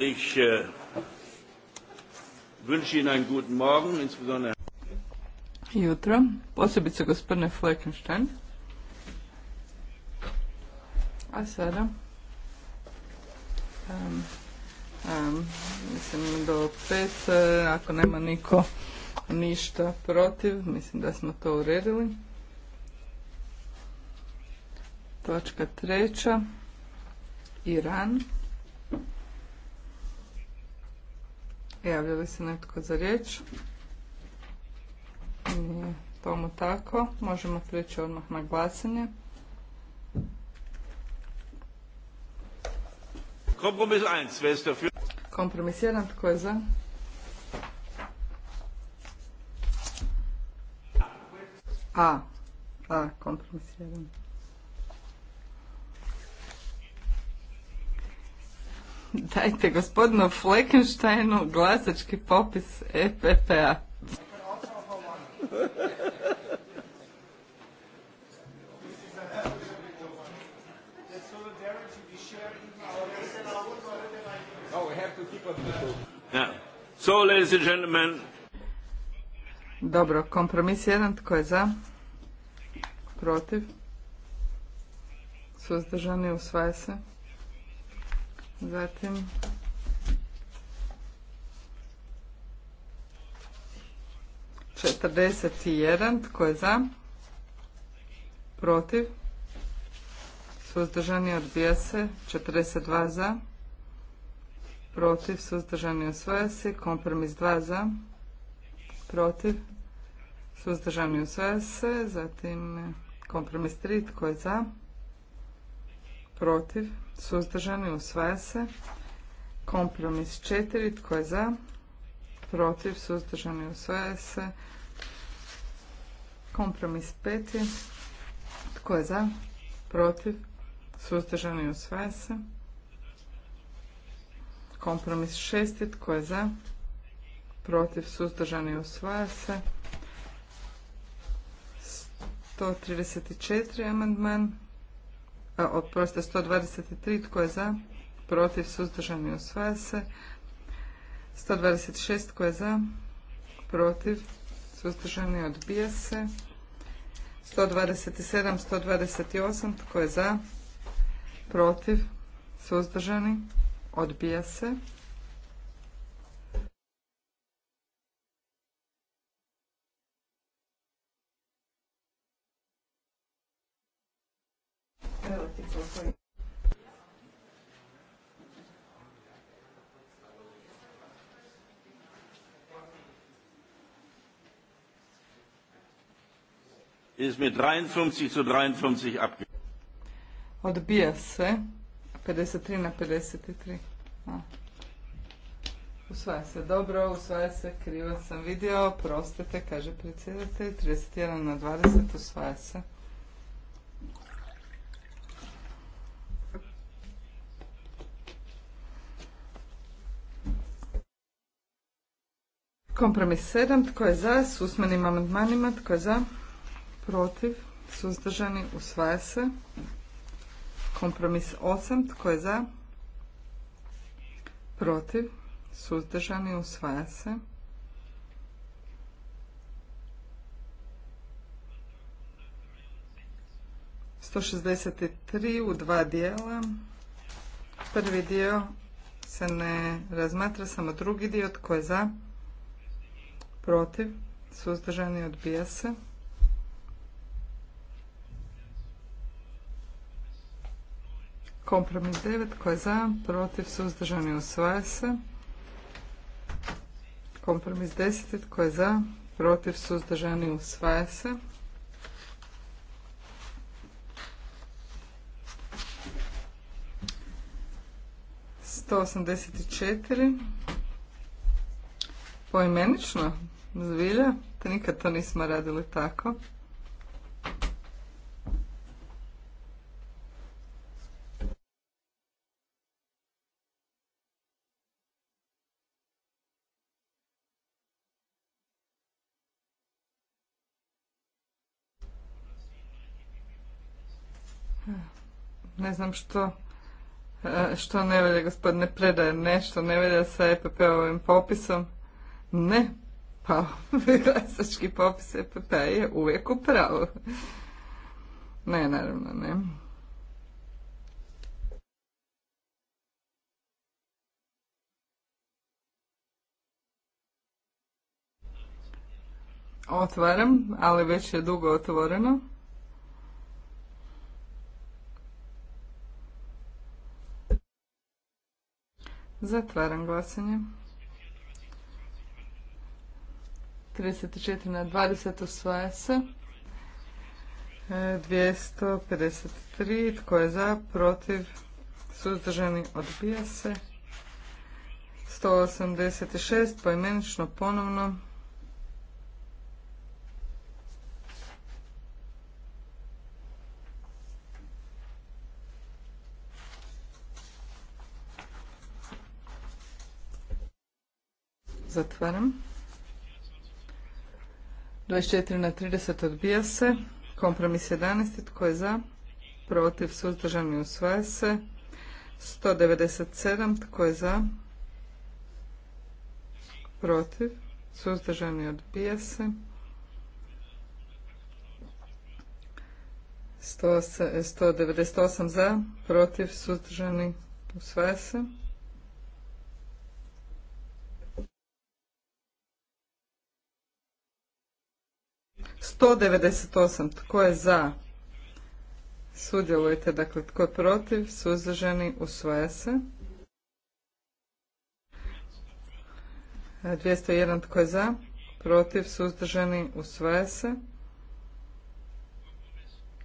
Ich äh, wünsche Ihnen einen guten Morgen, insbesondere. Jutro, posebice gospodine Fleckenstein. A sada, um, um, mislim do pet, ako nema niko ništa protiv, mislim da smo to uredili. Točka treća. Iran. Javlja li se netko za riječ? Nije tomu tako. Možemo prijeći odmah na glasanje. Kompromis 1. wer ist Kompromis 1. Tko je za? A. A. Kompromis 1. Dajte gospodinu Fleckensteinu glasački popis EPP-a. Dobro, kompromis jedan, tko je za? Protiv? Suzdržani, usvaja se. Zatim... Četrdeset jedan, tko je za? Protiv? Suzdržani odbija se. Četrdeset dva za? Protiv? Suzdržani osvaja se. Kompromis dva za? Protiv? Suzdržani osvaja se. Zatim kompromis tri, tko je za? protiv, suzdržani, usvaja se. Kompromis 4, tko je za, protiv, suzdržani, usvaja se. Kompromis 5, tko je za, protiv, suzdržani, usvaja se. Kompromis 6, tko je za, protiv, suzdržani, usvaja se. 134 amandman oprostite 123 tko je za, protiv suzdržani usvaja se, 126 tko je za, protiv suzdržani odbija se, 127, 128 tko je za, protiv suzdržani odbija se. mit 53 zu 53 abgelehnt. Odbija se 53 na 53. A. Usvaja se dobro, usvaja se, krivo sam vidio, prostite, kaže predsjedatelj, 31 na 20, usvaja se. Kompromis 7, tko je za, s usmenim amandmanima, tko je za? protiv, suzdržani, usvaja se. Kompromis 8, tko je za, protiv, suzdržani, usvaja se. Sto tri u dva dijela. Prvi dio se ne razmatra, samo drugi dio tko je za, protiv, suzdržani, odbija se. Kompromis 9 koji je za, protiv, suzdržani, usvaja se. Kompromis 10 koji je za, protiv, suzdržani, usvaja se. Sto osamdeset četiri poimenično zbilja, nikad to nismo radili tako. Ne znam što e, što ne velja gospodine predaje nešto ne velja sa EPP-ovim popisom ne pa glasački popis EPP je uvijek u pravu ne naravno ne otvaram ali već je dugo otvoreno Zatvaram glasanje. 34 na 20 osvaja se. 253. E, tko je za? Protiv? Suzdržani? Odbija se. 186. Poimenično ponovno. Zatvaram. 24 na 30 odbija se. Kompromis 11. Tko je za? Protiv suzdržani usvaja se. 197. Tko je za? Protiv. Suzdržani odbija se. 198 za, protiv, suzdržani, usvaja se. 198. Tko je za? Sudjelujte. Dakle, tko je protiv? Suzdržani? Usvaja se. 201. Tko je za? Protiv? Suzdržani? Usvaja se.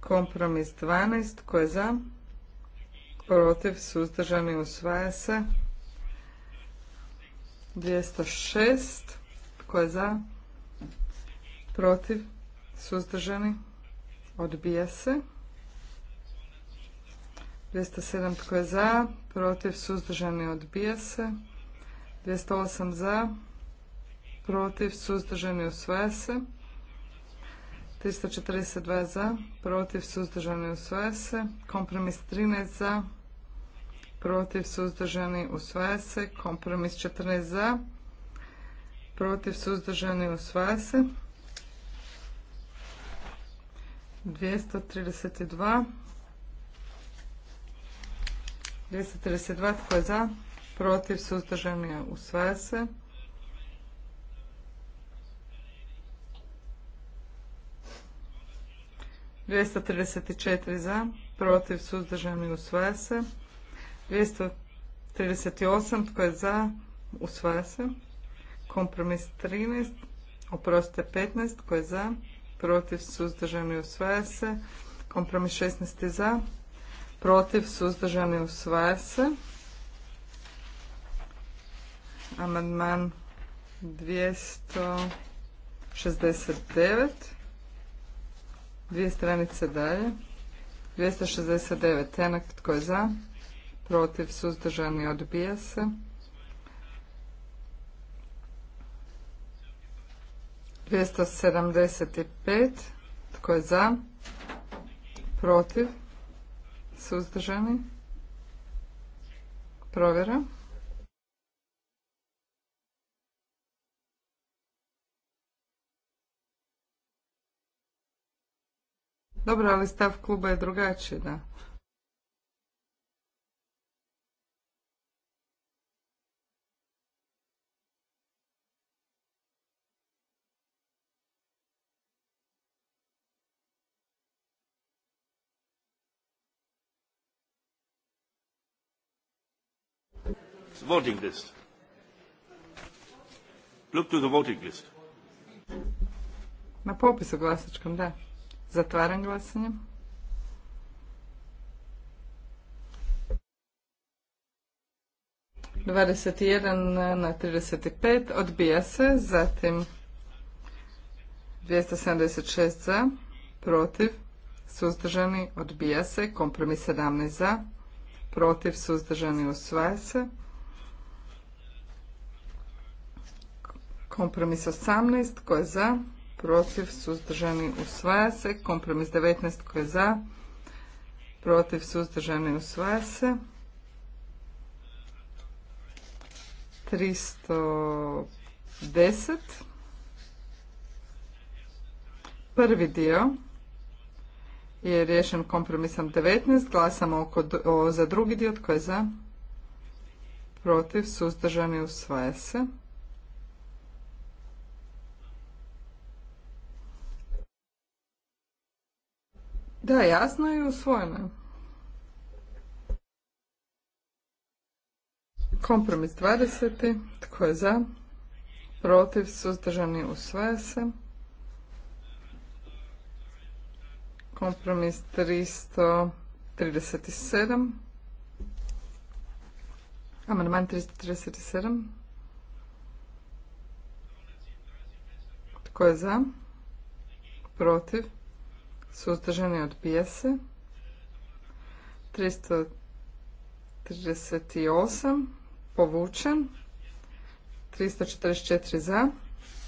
Kompromis 12. Tko je za? Protiv? Suzdržani? Usvaja se. 206. Tko je za? Protiv? suzdržani, odbija se. 207 tko je za, protiv, suzdržani, odbija se. 208 za, protiv, suzdržani, usvaja se. 342 za, protiv, suzdržani, osvaja se. Kompromis 13 za, protiv, suzdržani, usvaja se. Kompromis 14 za, protiv, suzdržani, usvaja se. 232. 232 tko je za? Protiv u usvaja se. Dvjesto trideset četiri za, protiv suzdržani usvaja se. Dvjesto trideset osam tko je za, usvaja se. Kompromis trinaest oprostite petnaest tko je za, protiv, suzdržani, usvaja se. Kompromis 16. za, protiv, suzdržani, usvaja se. Amandman 269. Dvije stranice dalje. 269. Tenak tko je za, protiv, suzdržani, odbija se. 275. Tko je za? Protiv? Suzdržani? Provjera. Dobro, ali stav kluba je drugačiji, da. voting list. Look to the voting list. Na popisu glasačkom, da. Zatvaram glasanje. Dvadeset jedan na trideset pet odbija se, zatim dvjesto sedamdeset šest za, protiv, suzdržani, odbija se, kompromis sedamnaest za, protiv, suzdržani, usvaja se, Kompromis 18 tko je za, protiv, suzdržani, usvaja se. Kompromis 19 tko je za, protiv, suzdržani, usvaja se. 310. Prvi dio je rješen kompromisom 19. Glasamo oko, za drugi dio tko je za, protiv, suzdržani, usvaja se. Da, jasno i usvojeno. Kompromis 20. Tko je za? Protiv, suzdržani, usvaja se. Kompromis 337. Amandman 337. Tko je za? Protiv? Suzdržani od se. 338 povučen. 344 za.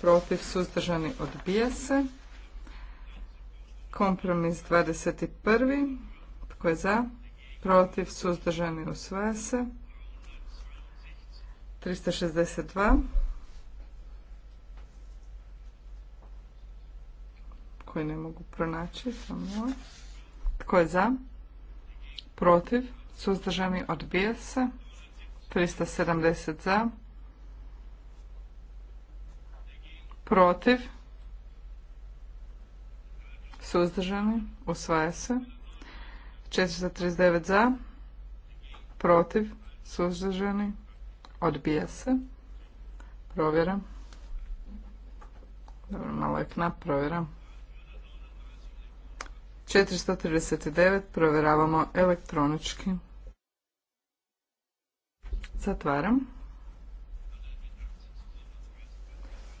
Protiv suzdržani odbija se. Kompromis 21. Tko je za? Protiv suzdržani usvaja se. 362 ne mogu pronaći. Samo. Ovaj. Tko je za? Protiv? Suzdržani odbija se. 370 za. Protiv? Suzdržani usvaja se. 439 za. Protiv? Suzdržani odbija se. Provjeram. Dobro, malo je knap, provjeram. 439 provjeravamo elektronički. Zatvaram.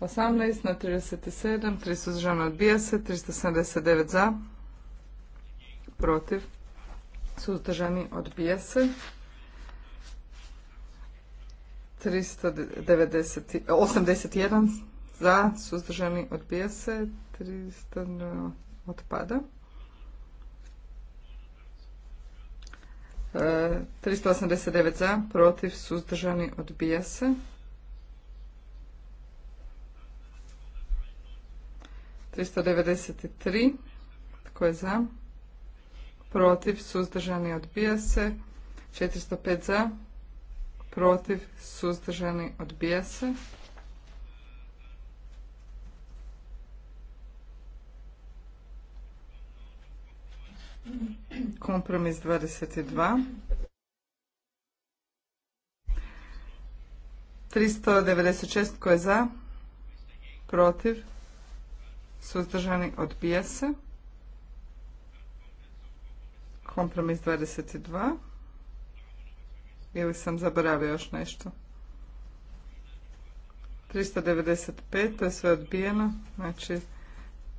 18 na 37, 3 suzdržano odbija se, 379 za, protiv, suzdržani odbija se. 390, 81 za, suzdržani odbija se, 300 otpada. 389 za, protiv, suzdržani, odbija se. 393, tko je za? Protiv, suzdržani, odbija se. 405 za, protiv, suzdržani, odbija se. Kompromis 22. 396 tko je za? Protiv? Suzdržani odbija se. Kompromis 22. Ili sam zaboravio još nešto? 395, to je sve odbijeno. Znači,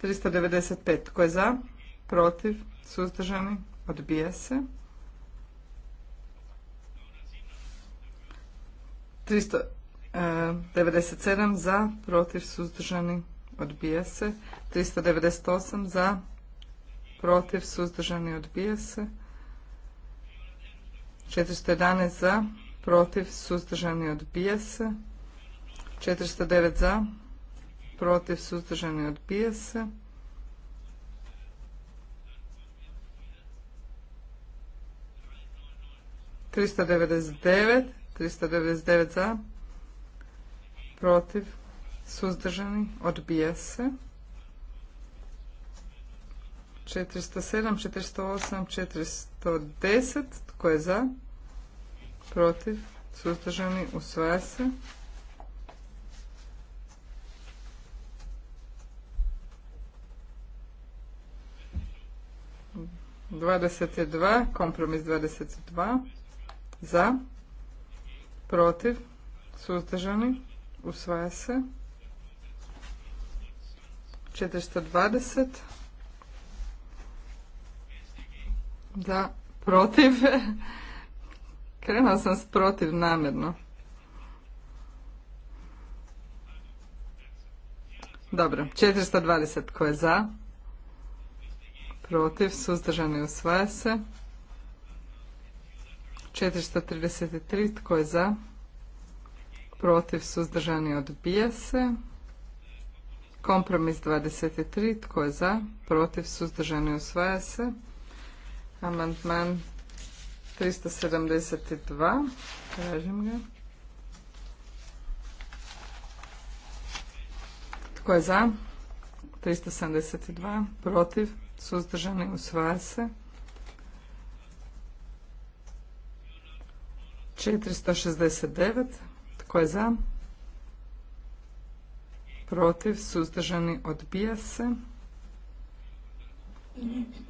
395 tko je za? protiv, suzdržani, odbija se. 397 e, za, protiv, suzdržani, odbija se. 398 za, protiv, suzdržani, odbija se. 411 za, protiv, suzdržani, odbija se. 409 za, protiv, suzdržani, odbija se. 399, 399 za, protiv, suzdržani, odbija se. 407, 408, 410, tko je za, protiv, suzdržani, usvaja se. Dvadeset kompromis dvadeset za, protiv, suzdržani, usvaja se. 420 Da. protiv, krenuo sam s protiv namjerno. Dobro, 420 koje je za, protiv, suzdržani usvaja se. 433. Tko je za? Protiv suzdržani odbija se. Kompromis 23. Tko je za? Protiv suzdržani usvaja se. Amandman 372. Tražim ga. Tko je za? 372. Protiv suzdržani usvaja se. 469. Tko je za? Protiv, suzdržani, odbija se.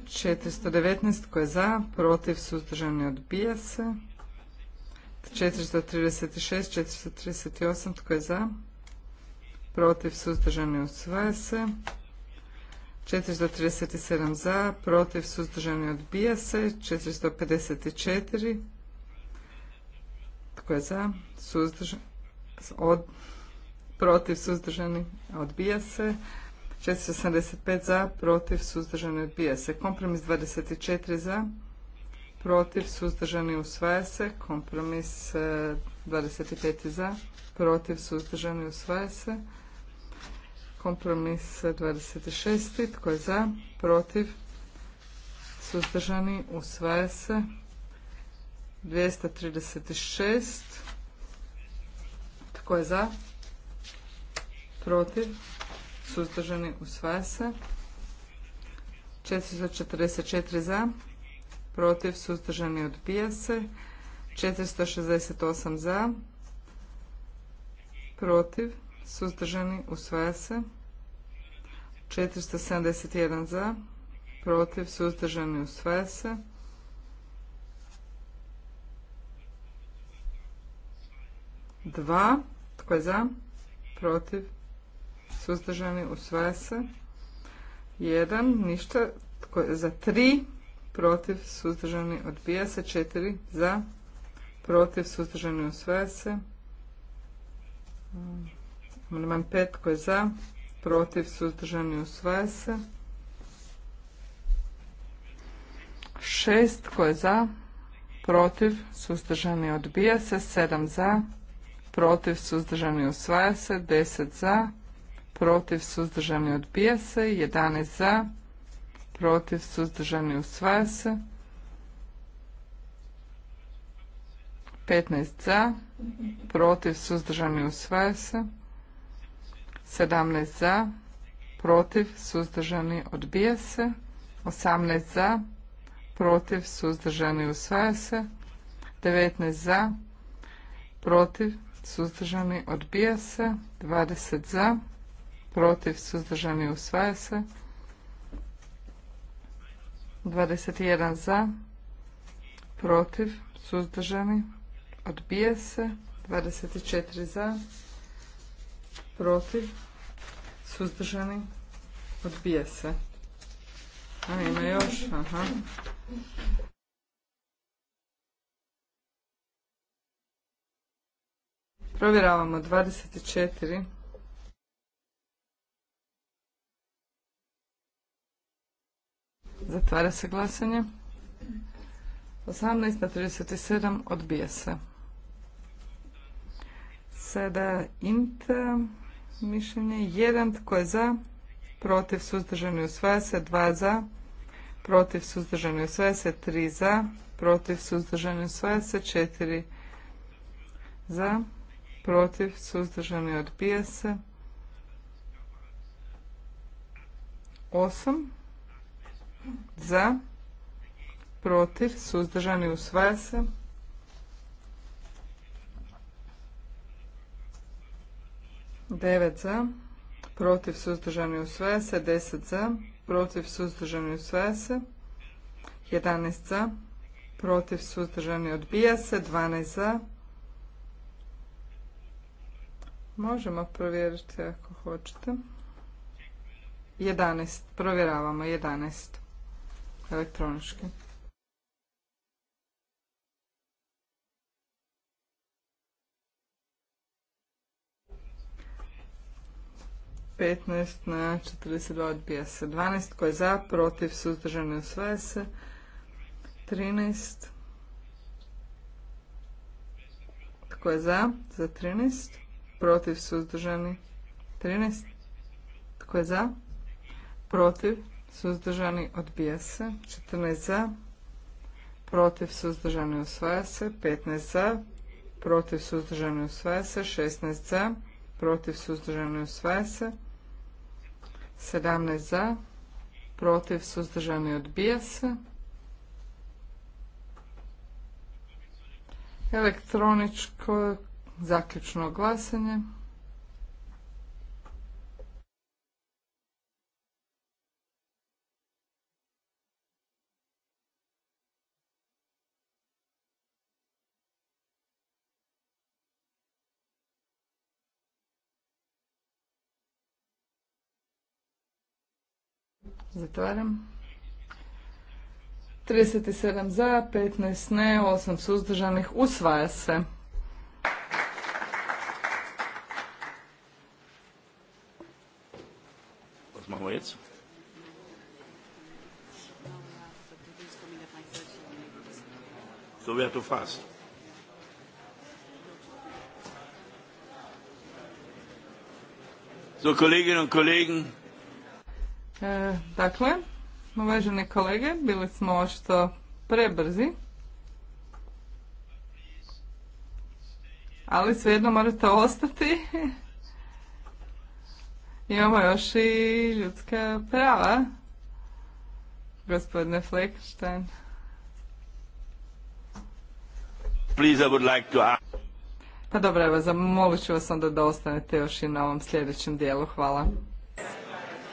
419. Tko je za? Protiv, suzdržani, odbija se. 436, 438. Tko je za? Protiv, suzdržani, usvaja se. 437 za, protiv, suzdržani, odbija se. 454 tko je za? Od, protiv? Suzdržani? Odbija se. 475 za, protiv, suzdržani, odbija se. Kompromis 24 za, protiv, suzdržani, usvaja se. Kompromis 25 e, za, protiv, suzdržani, usvaja se. Kompromis 26, e, tko je za, protiv, suzdržani, usvaja se. 236. Tko je za? Protiv? Suzdržani? Usvaja se. 444 za. Protiv? Suzdržani? Odbija se. 468 za. Protiv? Suzdržani? Usvaja se. 471 za. Protiv? Suzdržani? Usvaja se. 2. Tko je za? Protiv? Suzdržani? Usvaja se. 1. Ništa. Tko je za? 3. Protiv? Suzdržani? Odbija se. 4. Za? Protiv? Suzdržani? Usvaja se. Amandman 5. Tko je za? Protiv? Suzdržani? Usvaja se. 6. Tko je za? Protiv? Suzdržani? Odbija se. 7. Za? protiv, suzdržani, usvaja se, 10 za, protiv, suzdržani, odbija se, 11 za, protiv, suzdržani, usvaja se, 15 za, protiv, suzdržani, usvaja se, 17 za, protiv, suzdržani, odbija se, 18 za, protiv, suzdržani, usvaja se, 19 za, protiv, suzdržani, odbija se. 20 za, protiv, suzdržani, usvaja se. 21 za, protiv, suzdržani, odbija se. 24 za, protiv, suzdržani, odbija se. A ima još, aha. Provjeravamo 24. Zatvara se glasanje. 18 na 37 odbije se. Sada int mišljenje 1 tko je za, protiv suzdržani usvaja se, 2 za, protiv suzdržani usvaja se, 3 za, protiv suzdržani usvaja se, 4 za, protiv, suzdržani, odbija se. 8 za, protiv, suzdržani, usvaja se. Devet za, protiv, suzdržani, usvaja se. Deset za, protiv, suzdržani, usvaja se. 11 za, protiv, suzdržani, odbija se. 12 za, Možemo provjeriti ako hoćete. 11. Provjeravamo 11. Elektronički. Petnaest na 42 odbija se. 12 koje je za, protiv, suzdržani usvaja se. 13 tko je za, za 13 protiv, suzdržani, 13. Tko je za? Protiv, suzdržani, odbija se. 14 za, protiv, suzdržani, osvaja se. 15 za, protiv, suzdržani, osvaja se. 16 za, protiv, suzdržani, osvaja se. 17 za, protiv, suzdržani, odbija se. Elektroničko Zaključno glasanje. Zatvaram. 37 za, 15 ne, 8 suzdržanih. Usvaja se. markets. So we to fast. So, e, dakle, uvažene kolege, bili smo ošto prebrzi. Ali svejedno morate ostati Imamo još i ljudska prava. Gospodine Fleckenstein. Please, I would like Pa dobro, evo, zamolit ću vas onda da ostanete još i na ovom sljedećem dijelu. Hvala.